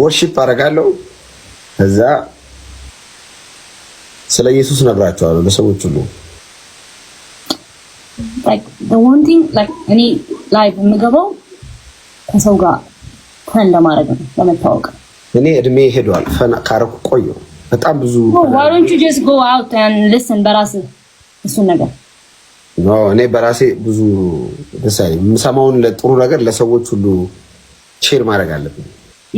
ወርሺፕ አደርጋለሁ። እዛ ስለ ኢየሱስ ነግራቸዋለሁ ለሰዎች ሁሉ። እኔ ላይቭ የምገባው ከሰው ጋር ፈን ለማድረግ ነው፣ ለመታወቅ። እኔ እድሜ ሄዷል፣ ፈን ካረኩ ቆየሁ በጣም ብዙ። oh, በራስህ እሱን ነገር እኔ በራሴ ብዙ ምሳሌ የምሰማውን ለጥሩ ነገር ለሰዎች ሁሉ ቼር ማድረግ አለብን።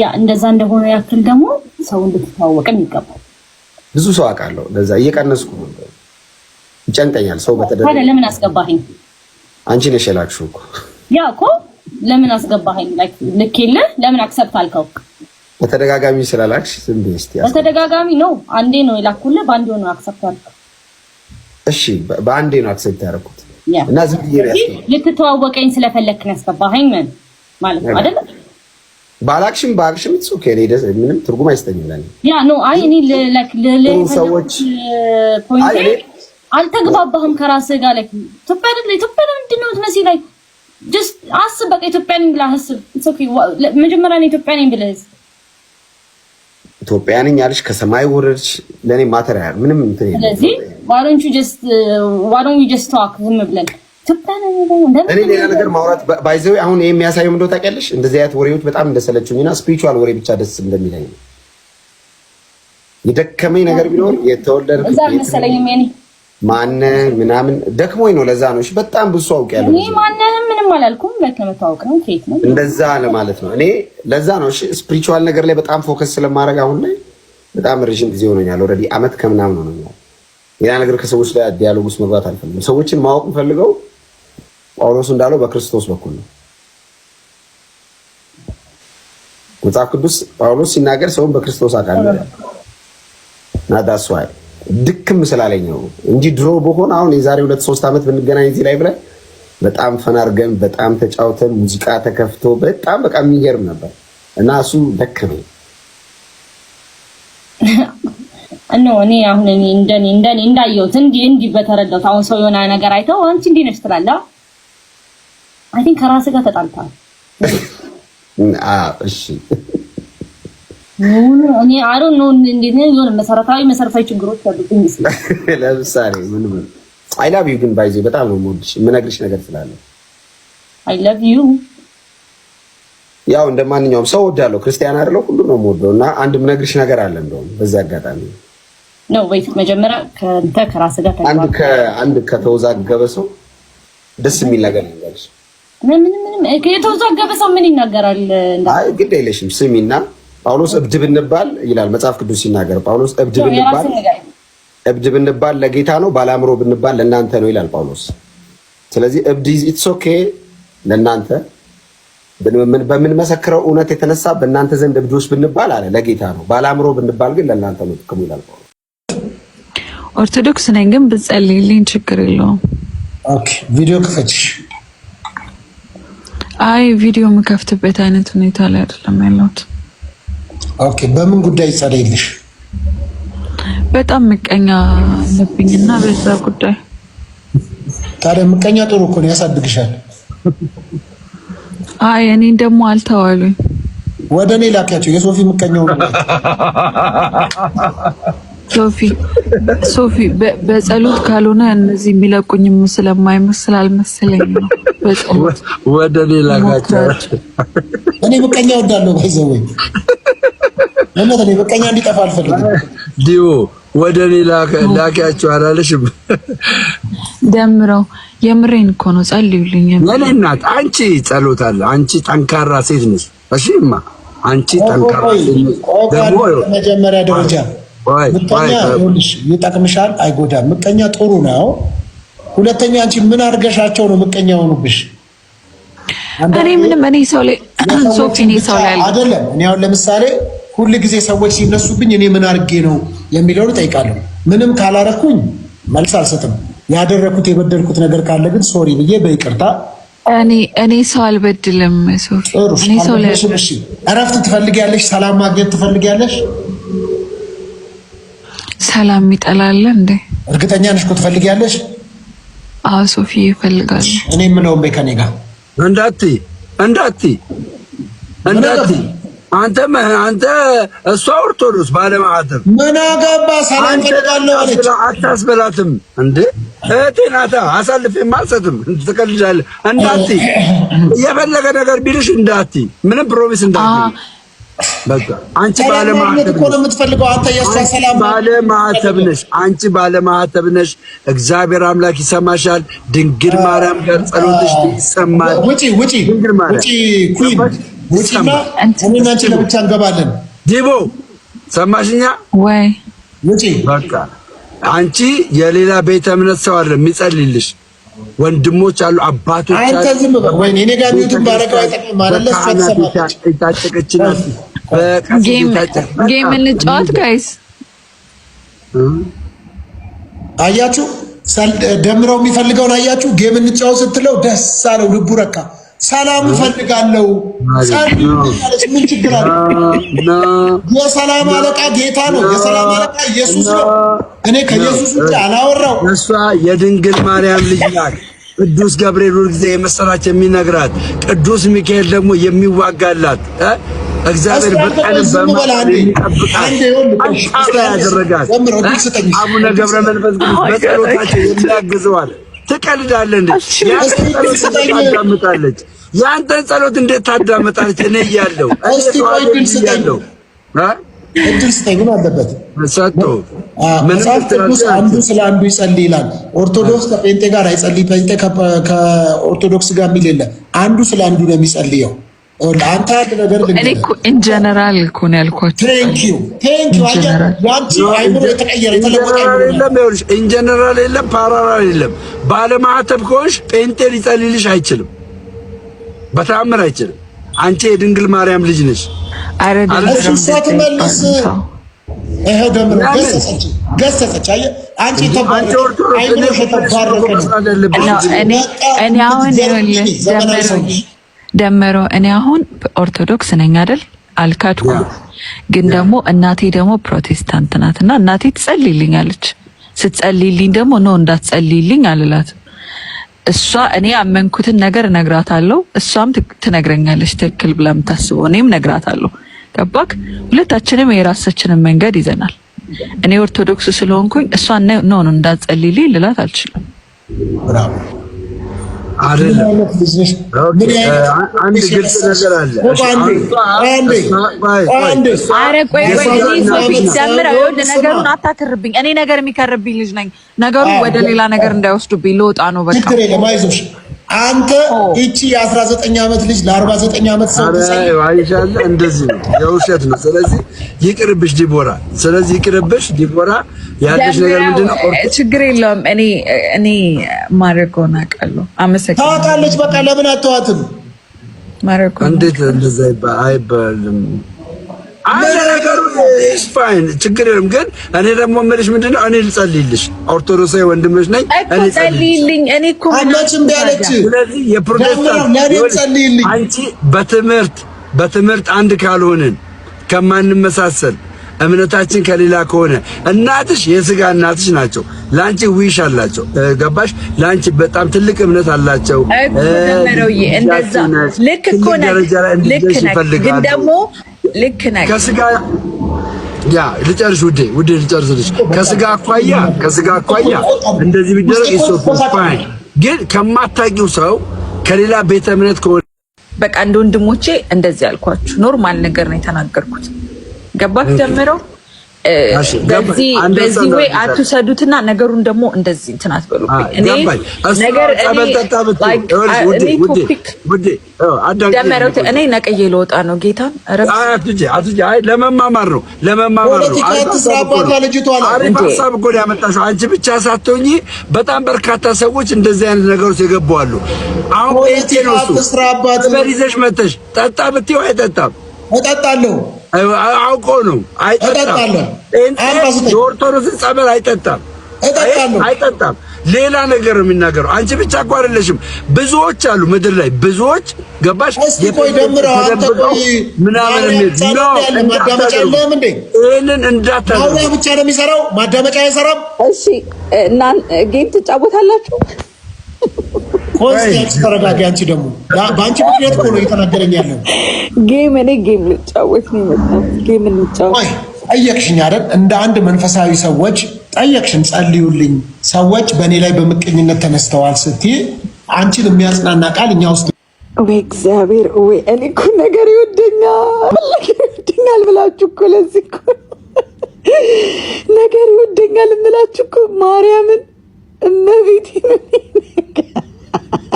ያ እንደዛ እንደሆነ ያክል ደግሞ ሰው እንድትተዋወቅም ይገባል። ብዙ ሰው አውቃለሁ። ለዛ እየቀነስኩ ይጨንቀኛል። ሰው በተደ ለምን አስገባኝ? አንቺ ነሽ የላክሽው እኮ ያ እኮ ለምን አስገባኝ? ልክ የለ ለምን አክሰብት አልከው? በተደጋጋሚ ስላላክሽ ዝም በተደጋጋሚ ነው። አንዴ ነው የላኩልህ፣ በአንዴ ሆነ አክሰብት አልከው እሺ በአንዴ ነው አክሴፕት ያደረኩት እና ዝም ብዬ ልትተዋወቀኝ ስለፈለክ ነው ያስገባኸኝ ምን ማለት ነው አይደለ? ባላክሽም ባክሽም እሱ ከኔ ደስ ምንም ትርጉም አይስተኝም ለኔ። ያ ኖ አይ እኔ ላይክ ሰዎች ፖይንት አልተግባባህም ከራስህ ጋር ላይ ኢትዮጵያ አይደለ ኢትዮጵያ ምንድን ነው የምትመስይ ላይክ ጀስት አስብ በቃ ኢትዮጵያ ነኝ ብለህ አስብ። ኦኬ መጀመሪያ እኔ ኢትዮጵያ ነኝ ብለህ ኢትዮጵያ ነኝ አልሽ፣ ከሰማይ ወረድሽ፣ ለኔ ማተሪያል ምንም እንትን ስለዚህ ዋዶንቹ ጀስት ዋዶንቹ ጀስት ታክ ዝም ብለን እኔ ሌላ ነገር ማውራት ባይዘው አሁን ይሄ የሚያሳየው እንደው ታውቂያለሽ፣ እንደዚህ አይነት ወሬዎች በጣም እንደሰለችኝ እንደሰለችኝና ስፒሪቹዋል ወሬ ብቻ ደስ እንደሚለኝ ነው። የደከመኝ ነገር ቢኖር የተወለደ ማነ ምናምን ደክሞኝ ነው። ለዛ ነው በጣም ብዙ አውቅ ያለ ማንንም ምንም አላልኩም። ለመታወቅ ነው ኬት ነው እንደዛ ለማለት ነው። እኔ ለዛ ነው እሺ፣ ስፒሪቹዋል ነገር ላይ በጣም ፎከስ ስለማድረግ አሁን ላይ በጣም ረዥም ጊዜ ሆኖኛል። ኦልሬዲ አመት ከምናምን ሆኖኛል። ሌላ ነገር ከሰዎች ጋር ዲያሎግ ውስጥ መግባት አልፈልግም። ሰዎችን ማወቅ የምፈልገው ጳውሎስ እንዳለው በክርስቶስ በኩል ነው። መጽሐፍ ቅዱስ ጳውሎስ ሲናገር ሰውን በክርስቶስ አውቃለሁ ናዳስ ዋይ ድክም ስላለኝ ነው እንጂ ድሮ በሆነ አሁን የዛሬ ሁለት ሶስት ዓመት ብንገናኝ እዚህ ላይ ብለን በጣም ፈናርገን በጣም ተጫውተን ሙዚቃ ተከፍቶ በጣም በቃ የሚገርም ነበር እና እሱ ደከመኝ። እነ እኔ አሁን እኔ እንደኔ እንደኔ እንዳየሁት እንዲህ እንዲህ በተረዳሁት አሁን ሰው የሆነ ነገር አይተው አንቺ እንዲህ ነሽ ትላለህ። አይ ቲንክ ከራስህ ጋር ተጣልተሃል። አዎ እሺ። እኔ አይ ዶንት ኖ እንዴት ነው የሆነ መሰረታዊ መሰረታዊ ችግሮች አሉብኝ ይመስላል። ለምሳሌ ምን ምን አይ ላቭ ዩ ግን ባይዜ በጣም ነው የምወድሽ የምነግርሽ ነገር ስላለ አይ ላቭ ዩ ያው እንደማንኛውም ሰው ወዳለው ክርስቲያን አይደለው ሁሉ ነው የምወደው እና አንድ የምነግርሽ ነገር አለ እንደውም በዚህ አጋጣሚ ነው ወይ መጀመሪያ ከአንተ ከራስህ ጋር አንድ ከአንድ ከተወዛገበ ሰው ደስ የሚል ነገር ይላልሽ። ምን ምን ምን የተወዛገበ ሰው ምን ይናገራል? አይ ግድ አይለሽም። ስሚና ጳውሎስ እብድ ብንባል ይላል መጽሐፍ ቅዱስ ሲናገር፣ ጳውሎስ እብድ ብንባል እብድ ብንባል ለጌታ ነው፣ ባላምሮ ብንባል ለእናንተ ነው ይላል ጳውሎስ። ስለዚህ እብድ ኢትስ ኦኬ ለእናንተ በምንመሰክረው እውነት የተነሳ በእናንተ ዘንድ እብዶች ብንባል አለ ለጌታ ነው፣ ባላምሮ ብንባል ግን ለእናንተ ነው ጥቅሙ ይላል ጳውሎስ። ኦርቶዶክስ ነኝ ግን ብጸልይልኝ ችግር የለውም። ኦኬ ቪዲዮ ክፈትሽ። አይ ቪዲዮ የምከፍትበት አይነት ሁኔታ ላይ አይደለም ያለሁት። ኦኬ በምን ጉዳይ ይጸልይልሽ? በጣም ምቀኛ አለብኝና በዛ ጉዳይ። ታዲያ ምቀኛ ጥሩ እኮ ነው ያሳድግሻል። አይ እኔ ደግሞ አልተዋሉኝ። ወደ እኔ ላኪያቸው የሶፊ ምቀኛው ነው ሶፊ ሶፊ በጸሎት ካልሆነ እነዚህ የሚለቁኝም ስለማይመስል አልመሰለኝ ነው። ወደ ሌላ ጋር እኔ በቀኛ ወዳለሁ ባይዘወኝ እውነት እኔ በቀኛ እንዲጠፋ አልፈልግም። ዲዮ ወደ ሌላ ላኪያቸው አላለሽም? ደምረው የምሬን እኮ ነው። ጸልዩልኝ የኔ እናት። አንቺ ጸሎት አለ። አንቺ ጠንካራ ሴት ነሽ። እሺ እማ አንቺ ጠንካራ ሴት ነሽ። ደግሞ መጀመሪያ ደረጃ ምቀኛ ይጠቅምሻል፣ አይጎዳም። ምቀኛ ጥሩ ነው። ሁለተኛ አንቺ ምን አድርገሻቸው ነው ምቀኛ የሆኑብሽ? እኔ ምንም እኔ ሰው ላይ አይደለም። እኔ አሁን ለምሳሌ ሁል ጊዜ ሰዎች ሲነሱብኝ እኔ ምን አድርጌ ነው የሚለውን እጠይቃለሁ። ምንም ካላረኩኝ መልስ አልሰጥም። ያደረኩት የበደልኩት ነገር ካለ ግን ሶሪ ብዬ በይቅርታ እኔ ሰው አልበድልም። እረፍት ትፈልጊያለሽ? ሰላም ማግኘት ትፈልጊያለሽ? ሰላም ይጠላል እንዴ? እርግጠኛ ነሽ እኮ ትፈልጊያለሽ? አዎ ሶፊ ይፈልጋል። እኔ ምን ነው ከኔ ጋር እንዳት እንዳት እንዳት አንተ አንተ እሷ ኦርቶዶክስ ባለማዕተብ ምን አገባ ሰላም ፈልጋለሁ አለች። አታስበላትም እንዴ? እህቴ ናታ። አሳልፌም አልሰጥም። ትቀልጃለህ። እንዳት የፈለገ ነገር ቢልሽ እንዳት ምንም ፕሮሚስ እንዳት አንቺ የምትፈልገው ባለማህተብ ነሽ። አንቺ ባለማህተብ ነሽ። እግዚአብሔር አምላክ ይሰማሻል። ድንግል ማርያም ጋር ጸሎትሽ ይሰማል። ውጪ ውጪ ውጪ ለብቻ እንገባለን። ዲቦ ሰማሽኛ ወይ ውጪ። በቃ አንቺ የሌላ ቤተ እምነት ሰው አይደለም የሚጸልይልሽ ወንድሞች አሉ፣ አባቶች አሉ። አንተ ዝም በል ወይ እኔ ጋር ሚውት ባረቀው አይጠቅም ማለት ለስፈት ሰማች ጌም እንጫወት ጋይስ። አያችሁ ደምረው የሚፈልገውን አያችሁ። ጌም እንጫወት ስትለው ደስ አለው፣ ልቡ ረካ። ሰላም እፈልጋለሁ። ምን ችግር አለ? የሰላም አለቃ ጌታ ነው። የሰላም አለቃ ኢየሱስ ነው። እኔ ከኢየሱስ ውጭ አላወራው። እሷ የድንግል ማርያም ልጅ ናት። ቅዱስ ገብርኤል ሁልጊዜ የመሰራች የሚነግራት፣ ቅዱስ ሚካኤል ደግሞ የሚዋጋላት እግዚአብሔር በቀንም በማለት ያደረጋት አቡነ ገብረ መንፈስ ቅዱስ በጸሎታቸው የሚያግዘዋል። ትቀልዳለህ እንዴ? የአንተን ጸሎት እንዴት ታዳምጣለች? እኔ እያለሁ እያለሁ እድል ስጠኝ ምን አለበት? መጽሐፍ ቅዱስ አንዱ ስለ አንዱ ይጸልይ ይላል። ኦርቶዶክስ ከጴንጤ ጋር አይጸልይ፣ ጴንጤ ከኦርቶዶክስ ጋር የሚል የለ። አንዱ ስለ አንዱ ነው የሚጸልየው። አንተ አንድ ነገር ልንገርህ፣ ኢንጀነራል እኮ ነው ያልኳቸው። ቴንክ ዩ ቴንክ ዩ። ያንቺ አይምሮ የተቀየረ የተለወጠ የለም። ይኸውልሽ ኢንጀነራል የለም፣ ፓራራል የለም። ባለማዕተብ ከሆንሽ ጴንጤ ሊጸልይልሽ አይችልም፣ በተአምር አይችልም። አንቺ የድንግል ማርያም ልጅ ነሽ። አረ ሳትመልስ ይሄ ደምሮ ገሰሰች ገሰሰች። አየህ አንቺ ተባረክ፣ አይምሮሽ የተባረከ ነው። እኔ አሁን ይኸውልህ ደምሮ ደመሮ እኔ አሁን ኦርቶዶክስ ነኝ አይደል? አልካድኩ። ግን ደግሞ እናቴ ደግሞ ፕሮቴስታንት ናት እና እናቴ ትጸልይልኛለች። ስትጸልይልኝ ደግሞ ኖ እንዳትጸልይልኝ አልላት። እሷ እኔ ያመንኩትን ነገር እነግራታለሁ፣ እሷም ትነግረኛለች ትክክል ብላ የምታስበው እኔም እነግራታለሁ። ገባክ? ሁለታችንም የራሳችንን መንገድ ይዘናል። እኔ ኦርቶዶክስ ስለሆንኩኝ እሷ ኖ እንዳትጸልይልኝ ልላት አልችልም። አንድ ግልጽ ነገር አለ። ነገሩን አታክርብኝ። እኔ ነገር የሚከርብኝ ልጅ ነኝ። ነገሩ ወደ ሌላ ነገር እንዳይወስዱብኝ ልወጣ ነው በቃ አንተ እቺ የ19 ዓመት ልጅ ለ49 ዓመት ሰው አይሻለ እንደዚህ ነው፣ የውሸት ነው። ስለዚህ ይቅርብሽ ዲቦራ፣ ስለዚህ ይቅርብሽ ዲቦራ። ያለሽ ነገር ምንድነው? ችግር የለውም። እኔ እኔ ማድረገውን አውቃለሁ። አመሰግናለሁ። ታውቃለች። በቃ ለምን አትተዋትም? ማድረገውን እንዴት እንደዛ አይባልም። ኢትስ ፋይን ችግር የለም። ግን እኔ ደግሞ የምልሽ ምንድን ነው እኔ ልጸልይልሽ፣ ኦርቶዶክሳዊ ወንድምሽ ነኝ። እኔ ጸልይልኝ። እኔ እኮ አንቺም ቢያለች። ስለዚህ የፕሮቴስታንት አንቺ በትምህርት በትምህርት አንድ ካልሆንን ከማንመሳሰል እምነታችን ከሌላ ከሆነ እናትሽ የስጋ እናትሽ ናቸው። ለአንቺ ዊሽ አላቸው። ገባሽ? ለአንቺ በጣም ትልቅ እምነት አላቸው። ልክ እኮ ልክ ነህ። ግን ደግሞ ልክ ነህ ከስጋ ያ ልጨርሽ ውዴ ውዴ ልጅ ከስጋ አኳያ ከስጋ አኳያ እንደዚህ ቢደረግ ኢሶፋይ ግን ከማታውቂው ሰው ከሌላ ቤተ እምነት ከሆነ በቃ እንደ ወንድሞቼ እንደዚህ ያልኳችሁ ኖርማል ነገር ነው የተናገርኩት። ገባት ጀምረው በዚህ ወይ አትውሰዱትና ነገሩን ደግሞ እንደዚህ እንትን አትበሉብኝ። እኔ ነቅዬ ልወጣ ነው ጌታን ለመማማር ነው ለመማማር ነው። ያመጣሽው አንቺ ብቻ ሳትሆኚ በጣም በርካታ ሰዎች እንደዚህ አይነት ነገሮች የገቡ አሉ። አሁን ነው እሱ ይዘሽ መተሽ ጠጣ ብትይው አይጠጣም እጠጣለሁ አውቆ ነው። አይጠጣም። የኦርቶዶክስ ጸበል አይጠጣም፣ አይጠጣም። ሌላ ነገር ነው የሚናገረው። አንቺ ብቻ እኮ አይደለሽም፣ ብዙዎች አሉ ምድር ላይ ብዙዎች። ገባሽ? ይህንን እንዳታደርግ ብቻ ነው የሚሰራው። ማዳመጫ አይሰራም። እሺ፣ እና ጌም ትጫወታላችሁ ቆይ ተረጋጊ። አንቺ ደግሞ በአንቺ ምክንያት እኮ ነው እየተናገረኝ ያለው። ጌም እኔ ጌም ልጫወት ነው የመጣሁት። ጌም እንጫወት ጠየቅሽኝ አይደል? እንደ አንድ መንፈሳዊ ሰዎች ጠየቅሽን፣ ጸልዩልኝ፣ ሰዎች በእኔ ላይ በምቀኝነት ተነስተዋል ስትይ አንቺን የሚያጽናና ቃል እኛ ውስጥ ወይ እግዚአብሔር ወይ እኔ እኮ ነገር ይወደኛል ይወደኛል ብላችሁ እኮ ለዚህ እኮ ነገር ይወደኛል እንላችሁ እኮ ማርያምን ነገር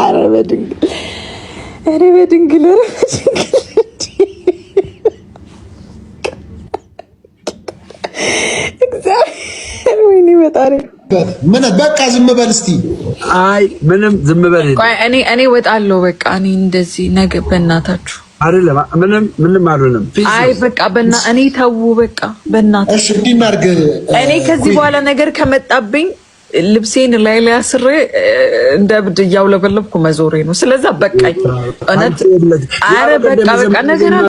ኧረ በድንግል ኧረ በድንግል ኧረ በድንግል እግዚአብሔር ወይኔ በጣሪ ምን በቃ ዝም በል እስቲ። አይ ምንም ዝም በል። እኔ እኔ ወጣለሁ በቃ እኔ እንደዚህ ነገ በእናታችሁ አይደለም ምንም ምንም አልሆንም። አይ በቃ በእና እኔ ተው በቃ በእናታችሁ እሺ። እንዲህ እናድርግ። እኔ ከዚህ በኋላ ነገር ከመጣብኝ ልብሴን ላይ ላይ አስሬ እንደ እብድ እያውለበለብኩ መዞሬ ነው። ስለዛ በቃኝ። እውነት አረ በቃ በቃ ነገር